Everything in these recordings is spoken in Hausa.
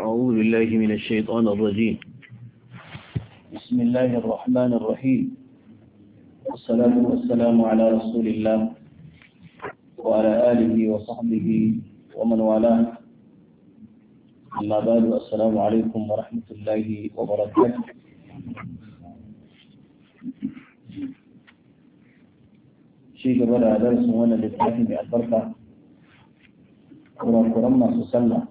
أعوذ بالله من الشيطان الرجيم بسم الله الرحمن الرحيم والصلاة والسلام على رسول الله وعلى آله وصحبه ومن والاه أما بعد السلام عليكم ورحمة الله وبركاته شيء قبل درس وانا للحاكم البركة قرآن ما sallah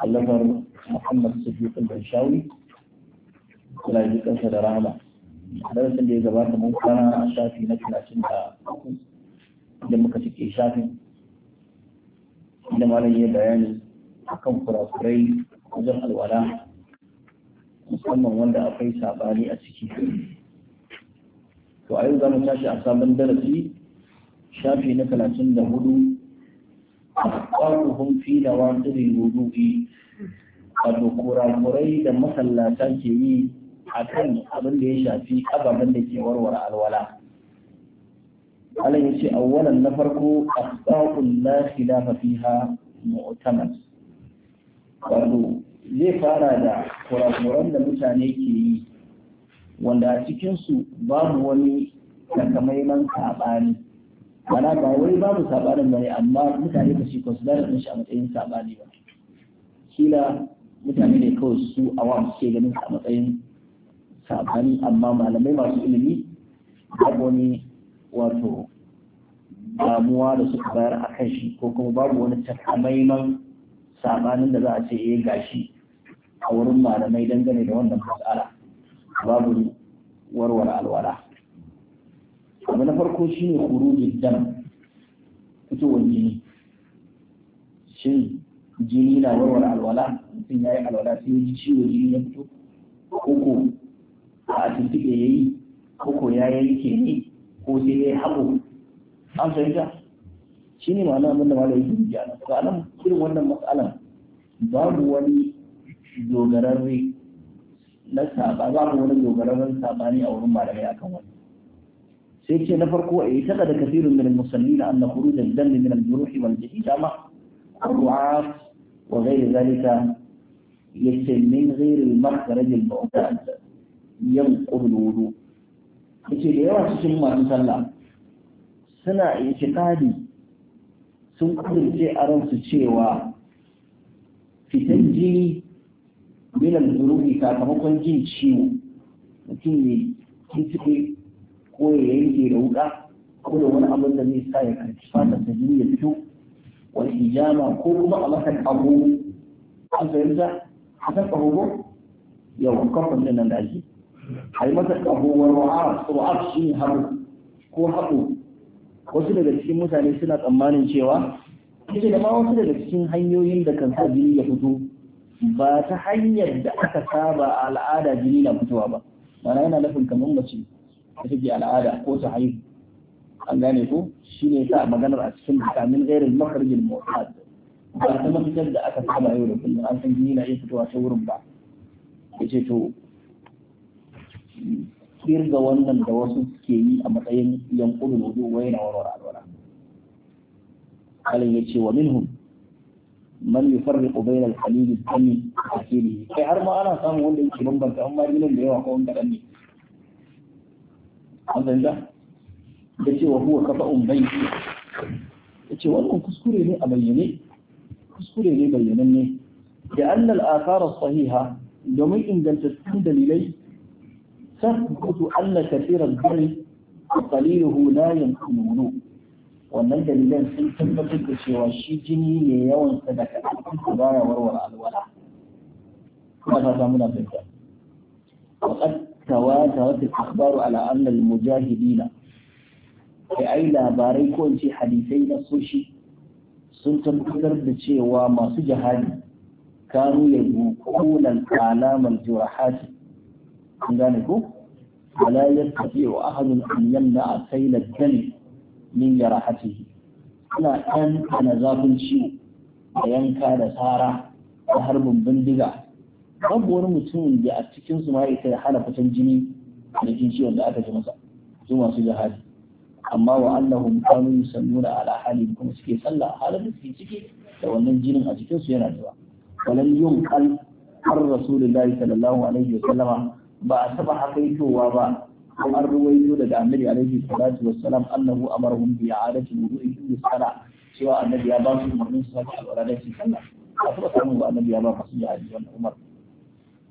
kallamar Muhammad Sadiq al-Bashawi kula ji kansa da rahama darasin da ya gabata mun kwana a shafi na talatin da uku da muka cike shafin Inda malam ya bayani kan kurakurai wajen alwala musamman wanda akwai sabani a ciki to a yau za mu tashi a sabon darasi shafi na talatin da hudu أخطاؤهم في نواقض الوضوء wato kurakurai da masallata ke yi a kan abin da ya shafi ababen da ke warware alwala Allah ya ce awwalan na farko asbaqul la khilafa fiha mu'tamad wato zai fara da kurakuran da mutane ke yi wanda a cikin su babu wani takamaiman sabani mana ba wai babu sabanin bane amma mutane ba su consider din shi a matsayin sabani ba kila mutane ne kawai su awam suke ganin a matsayin sabani amma malamai masu ilimi babu wani wato damuwa da suka bayar a kan shi ko kuma babu wani takamaiman sabanin da za a ce eh gashi a wurin malamai dangane da wannan matsala babu warware alwala abu na farko kuru da dam fitowar jini shin jini na warware alwala mutum ya yi alwala sai yi ciwo jini ya fito koko a tuntuɓe ya yi koko ya yanke ne ko sai ya yi haɓo an fahimta shi ne ma'ana abinda ma da yi rubuta nan to anan irin wannan matsalan babu wani dogararre na saba babu wani dogararren ne a wurin malamai akan wani. sai ce na farko a yi eh, taɗa da kafirin min musalli na annan kuru da zanni min al-juruhi wal jiki dama ruwa wa ghairi zalika yace min ghairi al-makhraj al-mu'tad yanqul wudu yace da yawa cikin masu sallah suna itikadi sun kudurce a ransu cewa fitan jini min al-juruhi sakamakon jin ciwo mutum ne kin ko ya yanke da wuka ko da wani abin da zai sa ya karci fata ta jini ya fito wani hijama ko kuma a masa abu an fahimta haka ya wuka kafin nan da ake a yi masa ƙahowar wa'ara suru'ar shi ne haɗu ko haɗu wasu daga cikin mutane suna tsammanin cewa ita da ma wasu daga cikin hanyoyin da kan sa jini ya fito ba ta hanyar da aka saba al'ada jini na fitowa ba mana yana nufin kamar mace da take al'ada ko ta haihu an gane ko shi ne sa maganar a cikin kamin gairin makarjin mu'ad ba ta mafitar da aka saba yau da kullum an san gini na iya fitowa ta wurin ba ya ce to kirga wannan da wasu suke yi a matsayin yankunan wudu wai na warware alwala kalin ya ce wa minhum man yufarriqu bayna al-qalil al-dami wa akhirih kai har ma ana samun wanda yake bambanta amma jinin da yawa ko wanda kadan ne an fahimta da cewa huwa kafa umbai da ce wannan kuskure ne a bayyane kuskure ne bayyananne da annal asara sahiha domin inganta ingantattun dalilai تثبت أن كثير البر وقليله لا hulayen kununu. wannan dalilan sun tabbatar da cewa shi jini ne yawan sadaka a baya warware alwala kuma ta samu na fahimta تواترت الأخبار على أن mujahidina ai labarai ko in ce hadisai na soshi sun tabbatar da cewa masu jihadi kanu ya kunan alamar jurahati an gane ko wala ya tafi wa ahadun an yamna a sai gani min yarahatihi suna ɗan ana zafin ciwo da yanka da tsara da harbin bindiga babu wani mutumin da a cikin su ma ya hana fitan jini da jin ciwon da aka ji masa su masu jihadi amma wa annahum kanu yusalluna ala halin kuma suke sallah halin da suke ciki da wannan jinin a cikin su yana zuwa walan yun kal har rasulullahi sallallahu alaihi wasallama ba a taba hakaitowa ba ko an ruwaito daga annabi alaihi salatu wassalam annahu amarhum bi i'adati wudu'ihim bis-salah cewa annabi ya ba su umarnin su sake alwala da su sallah a taba samun ba annabi ya ba su jihadi wannan umar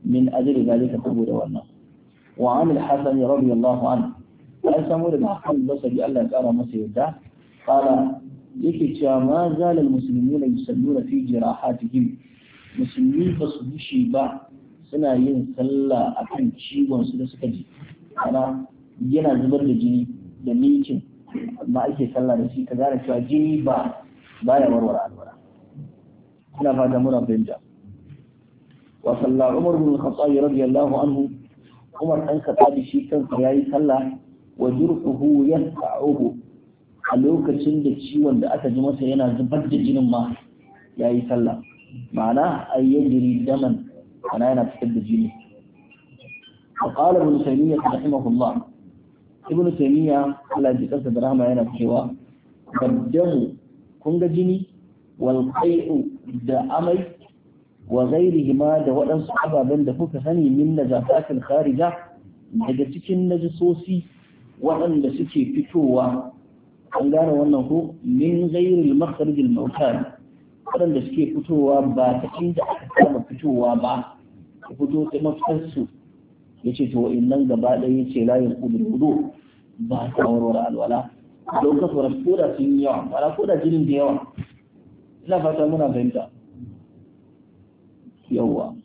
min ajri zalika saboda wannan wa an al-hasan radiyallahu anhu an samu da hakan basari Allah ya kara masa yadda qala yake cewa ma zalal muslimuna yusalluna fi jirahatihim musulmi ba su bushe ba suna yin sallah akan ciwon su da suka ji ana yana zubar da jini da mikin amma ake sallah da shi ka gane cewa jini ba baya warware alwala ina fatan muna fahimta wasalla umar bin khattab radiyallahu anhu umar dan ka tabi shi kan yayi sallah wa jurquhu yasta'ubu a lokacin da ciwon da aka ji masa yana zubar da jinin ma yayi sallah ma'ana ay yajri daman ana yana fitar da jini fa qala ibn taymiya rahimahullah ibn taymiya Allah ya kasa da rahama yana cewa kun kunga jini wal da amai wa ghairihima da waɗansu ababen da kuka sani min najasatil kharija daga cikin najisosi waɗanda suke fitowa an gane wannan ko min ghairil makharijil mawtan waɗanda suke fitowa ba ta inda aka saba fitowa ba fito ta mafitarsu ya ce to nan gaba ɗaya yace ce layin wudu ba ta warware alwala don kafa koda sun yi yawa ba koda jinin da yawa ina fata muna fahimta yawwa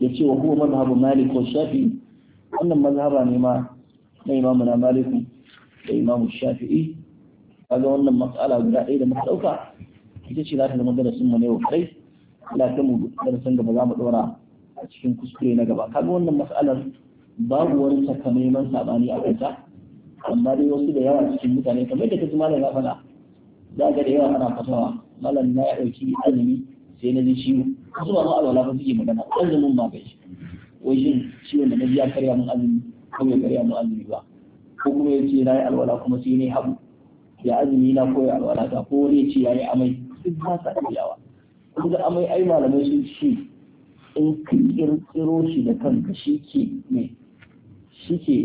ya ce wa kuma mazhabu malik wa shafi wannan mazhaba ne ma na imamu na maliku da imamu shafi'i kaga wannan matsala guda ɗaya da muka ɗauka ita ce za ta zama darasin mu ne wa kai Allah ta mu darasin da ba za mu ɗora a cikin kuskure na gaba kaga wannan matsalar babu wani takamaiman saɓani a kanta amma dai wasu da yawa cikin mutane kamar yadda ta ji malam ya faɗa za ga da yawa ana fatawa malam na ya ɗauki azumi sai na ji ciwo wasu ba ma alwala ba suke magana azumin ma bai wai shin ciwon da na biya karya mun azumi ko bai karya mun azumi ba ko kuma ya ce na yi alwala kuma sai ne habu ya azumi na koya alwala ta ko wani ya ce ya yi amai duk ba sa ɗauyawa kun da amai ai malamai sun ce in ka kirkiro shi da kanka shi ke ne shi ke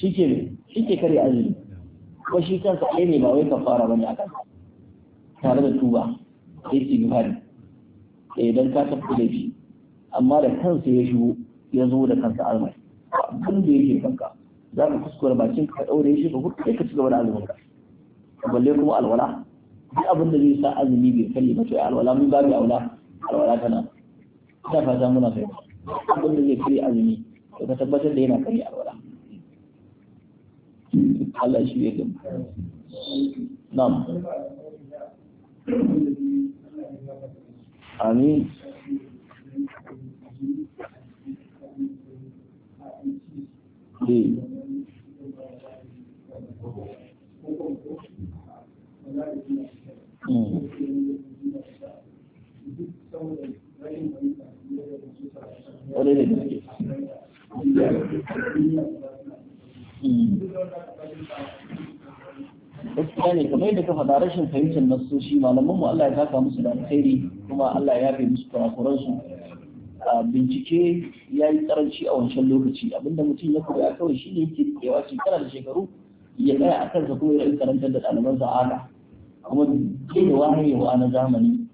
shi ke ne shi ke karya azumi Kuma shi kansa ai ne ba wai ka fara ba ne a kansa tare da tuba sai istighfari idan eh, ka tafi da shi amma da kansa ya shigo ya zo da kansa almai abin da yake kanka za ka ba bakin ka daure shi ka hudu ka ci gaba da azumin ka balle kuma alwala duk abin da zai sa azumi bai kalli ba to alwala mun babu aula alwala tana ta fata muna sai abin da zai kalli azumi to ka tabbatar da yana kai alwala Allah shi ya gama. Na'am. amin eh Mm. gaskiya ne kamar yadda ka faɗa rashin fahimtar nassoshi malaman mu Allah ya saka musu da alkhairi kuma Allah ya yafe musu kurakuran su bincike ya yi karanci a wancan lokaci abinda mutum ya koya kawai shine yake rikewa shekara da shekaru ya tsaya a kansa kuma ya yi karantar da ɗaliban sa haka kuma daina wahayewa na zamani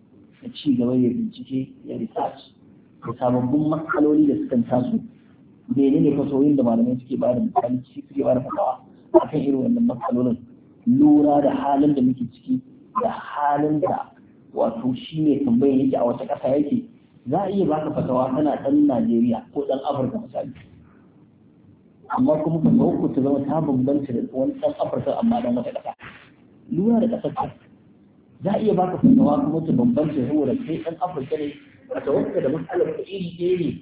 da ci gaba ya bincike ya research da sababbin matsaloli da sukan taso menene fasohin da malamai suke bada da misali suke bada da fasawa akan irin wannan matsalolin lura da halin da muke ciki da halin da wato shi ne tambayar yake a wata ƙasa yake za a iya baka fatawa kana ɗan Najeriya ko ɗan Afirka misali amma kuma fatawar ku ta zama ta bambanta da wani ɗan Afirka amma ɗan wata ƙasa lura da ƙasar ka za a iya baka fatawa kuma ta bambanta saboda kai ɗan Afirka ne ta ka da matsalar ka iri ɗaya ne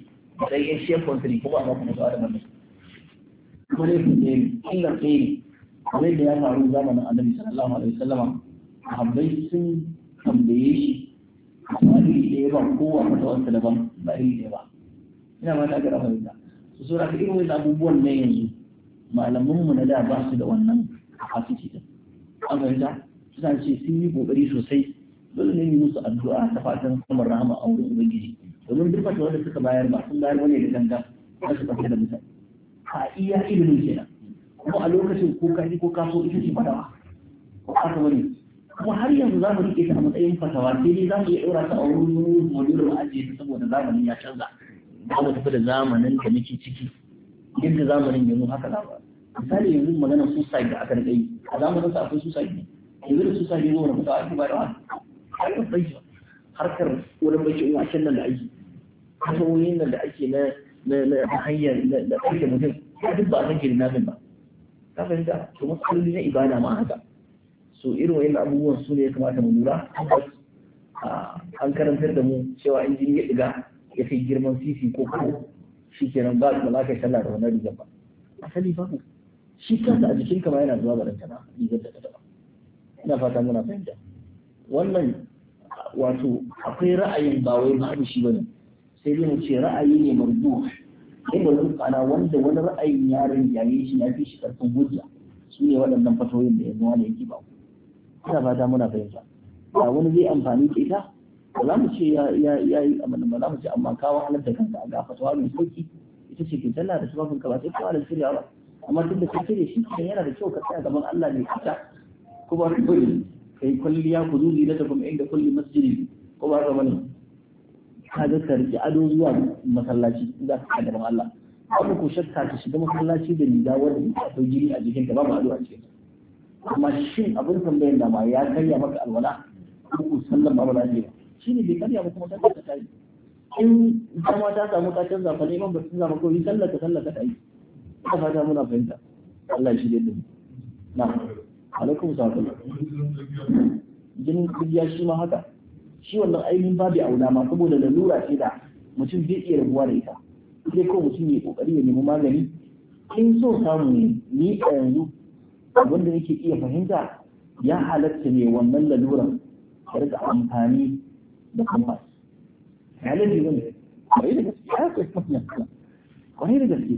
da ɗan Asian country kuma amma kuma ta da wannan kuma ne su ɗaya ne ɗaya ne kamar da ya faru zamanin annabi sallallahu alaihi wasallam habbai sun tambaye shi ba iri ɗaya ba kowa fatawarsa daban ba iri ɗaya ba ina ma ta ga rafahimta su sura ka irin wannan abubuwan ne yanzu mu na da ba su da wannan capacity din an fahimta suna ce sun yi kokari sosai dole ne musu addu'a ta fatan samun rahama a wurin ubangiji domin duk wanda suka bayar ba sun bayar wani da ganga ba su da mutane Ka iya ilimin kenan kuma a lokacin ko kaji ko kaso ita ce fatawa ko ka ta wani kuma har yanzu za mu rike ta a matsayin fatawa sai dai za mu iya ɗora ta a wurin modulin ajiye ta saboda zamanin ya canza za mu tafi da zamanin da muke ciki yadda zamanin yanzu haka za mu misali yanzu magana sai da aka rike yi a zamanin sa akwai sai ne yanzu da sai ne wani fatawa ake wani har yanzu bai harkar wurin bai in can nan da aiki kasawoyin nan da ake na hanyar da ake mutum duk ba a san ke da ba ka fahimta to matsaloli na ibada ma haka so irin wayan abubuwan su ne ya kamata mu lura an karantar da mu cewa injin ya diga ya kai girman sisi ko ko shi kenan ba ba za ka sallah da wannan rigar ba asali ba shi kansa a jikin kama yana zuwa baranta na rigar da ta ina fata muna fahimta wannan wato akwai ra'ayin ba wai ba shi bane sai dai mu ce ra'ayi ne mardu inda wasu na wanda wani ra'ayin yaren yaye shi ya fi shi karfin hujja su ne waɗannan fatoyin da yanzu wani yake ba ku ina fata muna fahimta ba wani zai amfani ke ta? ba za mu ce ya yi ba za mu ce amma kawo halarta da kanka a ga fatawa mai sauki ita ce ke tana da tufafin ka ba sai kawo da shirya ba amma tun da ka shirya shi kan yana da kyau ka tsaya gaban Allah ne ita ko ba ku kai kwalliya ku zuzi da kuma inda kulli masjidi ko ba ka bane Ka kaga ka riƙe ado zuwa masallaci za ka kada ban Allah abu ko shakka ka shiga masallaci da riga wanda akwai jini a jikin ka babu ado a cikin amma shin abin tambayar da ma ya karya maka alwala ko ku sallan babu lafiya shi ne bai karya ba kuma ta ta kai in dama ta samu ka canza fa neman ba canza maka yi sallaka sallaka ta yi ta fata muna fahimta Allah ya shi dai mu. na alaikum salam jinin kujiya shi ma haka shi wannan ainihin babu aula ma saboda lalura ce da mutum zai iya rabuwa da ita sai ko mutum ya kokari ya nemi magani in so samu ne ni a yanzu wanda nake iya fahimta ya halatta ne wannan laluran ya rika amfani da kamfas halatta ne kwarai da gaske ya kai kamfas kwarai da gaske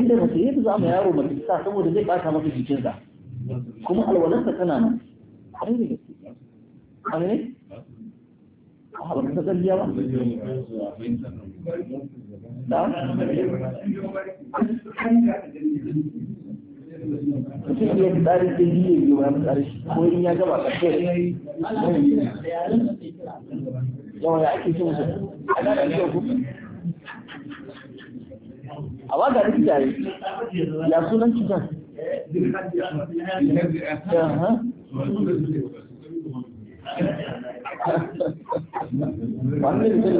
inda mace yadda za mu yaro mace sa saboda zai bata masa jikinsa kuma alwalarsa tana nan kwarai da gaske ne a wata ba da mutum ya tsari da ya ko in ya gaba ƙarshe yawa ya ake cin a nan da ku a ya sunan cutar wanda ya sani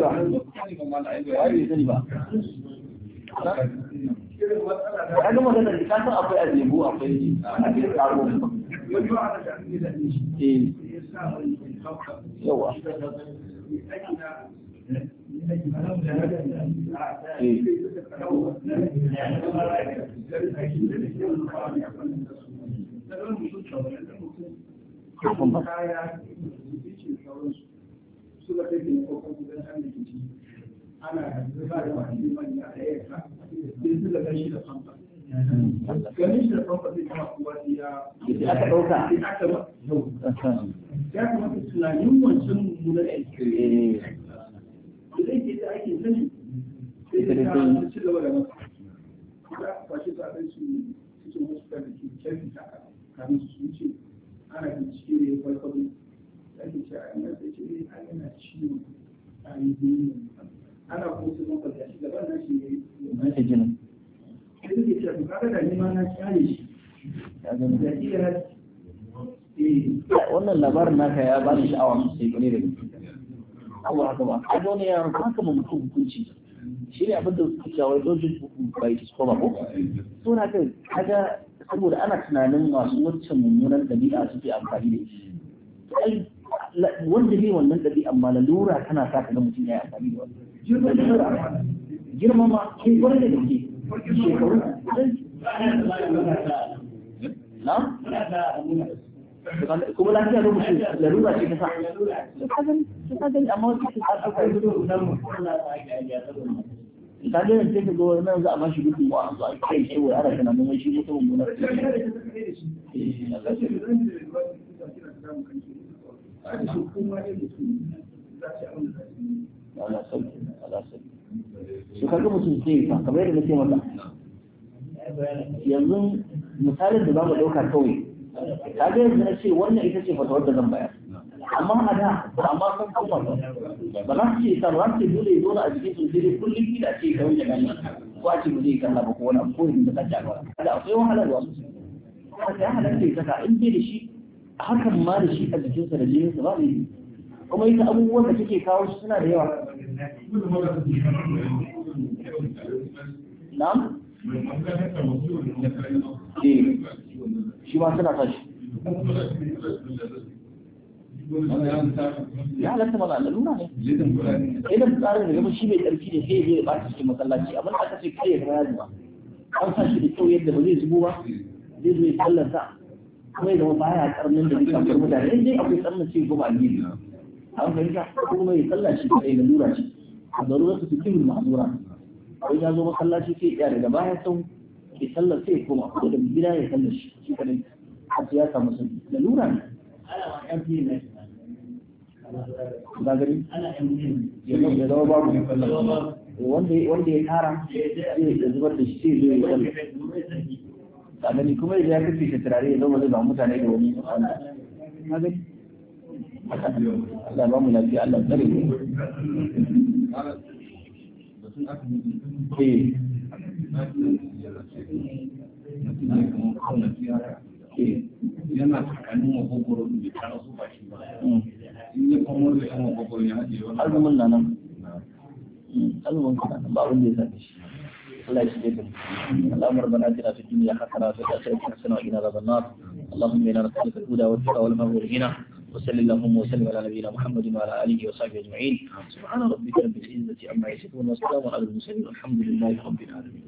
ba ba da akwai a zebu akwai a cikin wata ke kokon gidan an da ana da ba da wani liman ya ɗaya ka sai su da gashi da famfa ganin shi da famfa zai kama kuwa ya aka ɗauka sai aka ba ya kamata tunanin wancan mummunan aiki da zai ke ta aikin sani sai da ta ci gaba da masa Kuma a kwashe ta ɗan su cikin wasu da ke kyan ta kamin su ce ana bincike ne kwaikwai ake cewa an nan da ce ne eh, yana ciwo a yi duniya ana kuma su zama da shi gaban na shi ne ya gina sai suke cewa to kaga da nima na kyale shi da iya na wannan labarin naka ya ba ni sha'awa sosai ne da gaske Allah haka ba A wani yaron haka mu hukunci shi ne abin da suke cewa wai don't just by his cover ko so na kai kaga saboda ana tunanin masu wancan mummunan ɗabi'a suke amfani da shi wanda ne wannan ɗabi amma lalura tana sa ka ga mutum ya yi amfani da wannan girmama ke wani da ke shekaru na? kuma lafiya da mutum lalura ce ta sa ka gani amma wasu su ɗauka yi ka nan za a bashi gudun a zuwa kai shi mutum mummunar ala sauki ala sauki su kaga mutum zai fa kamar yadda nake maka yanzu misalin da za mu ɗauka kawai ta ga yanzu na ce wannan ita ce fatawar da zan bayar amma a da amma ma san kuma ba ba za su ce sa ba za su ce dole ya zo a jikin sun sai kullum kila ce ga wani gani ko a ce ba zai kalla ba ko wani abu ko yin da kan jagora kada akwai wahalar wasu ta halatta ya saka in bai da shi hakan ma da shi a jikinsa da jininsa ba ne kuma ita abubuwan da take kawo shi suna da yawa na'am eh shi ma suna tashi ya halatta mana laluna ne idan tsarin da gama shi mai tsarki ne sai zai ba cikin masallaci abin da aka ce kai ya zama ya ba. an sa shi da kyau yadda ba zai zubo ba zai zo ya sa kuma ya zama baya karnin da duka kuma mutane in dai akwai tsarnin ce goma gidi an fahimta ko kuma ya tsalla shi lura shi a zarura su fitin ma'azura ko ya zo masallaci sai ya daga baya sau ya tsalla ya koma ko da gida ya tsalla shi shi ya samu sauki da lura ne zagari ya zama babu ne wanda ya tara zai zubar da shi zai yi tsanani kuma ya kace shi turare ya zama zai ba mutane da wani Allah ba mu lafiya Allah tsare mu eh. Eh. yana tsakanin da ta rasu ba shi ba mm. in ya kwamar da yan ya haɗe wani azumin na nan mm. azumin ka ba ya على آخرتك حسنة وقنا عذاب النار اللهم إنا نسألك الهدى والتقى والمغفرة والغنى وصلى اللهم وسلم على نبينا محمد وعلى آله وصحبه أجمعين سبحان ربك رب العزة عما يصفون وسلام على المرسلين والحمد لله رب العالمين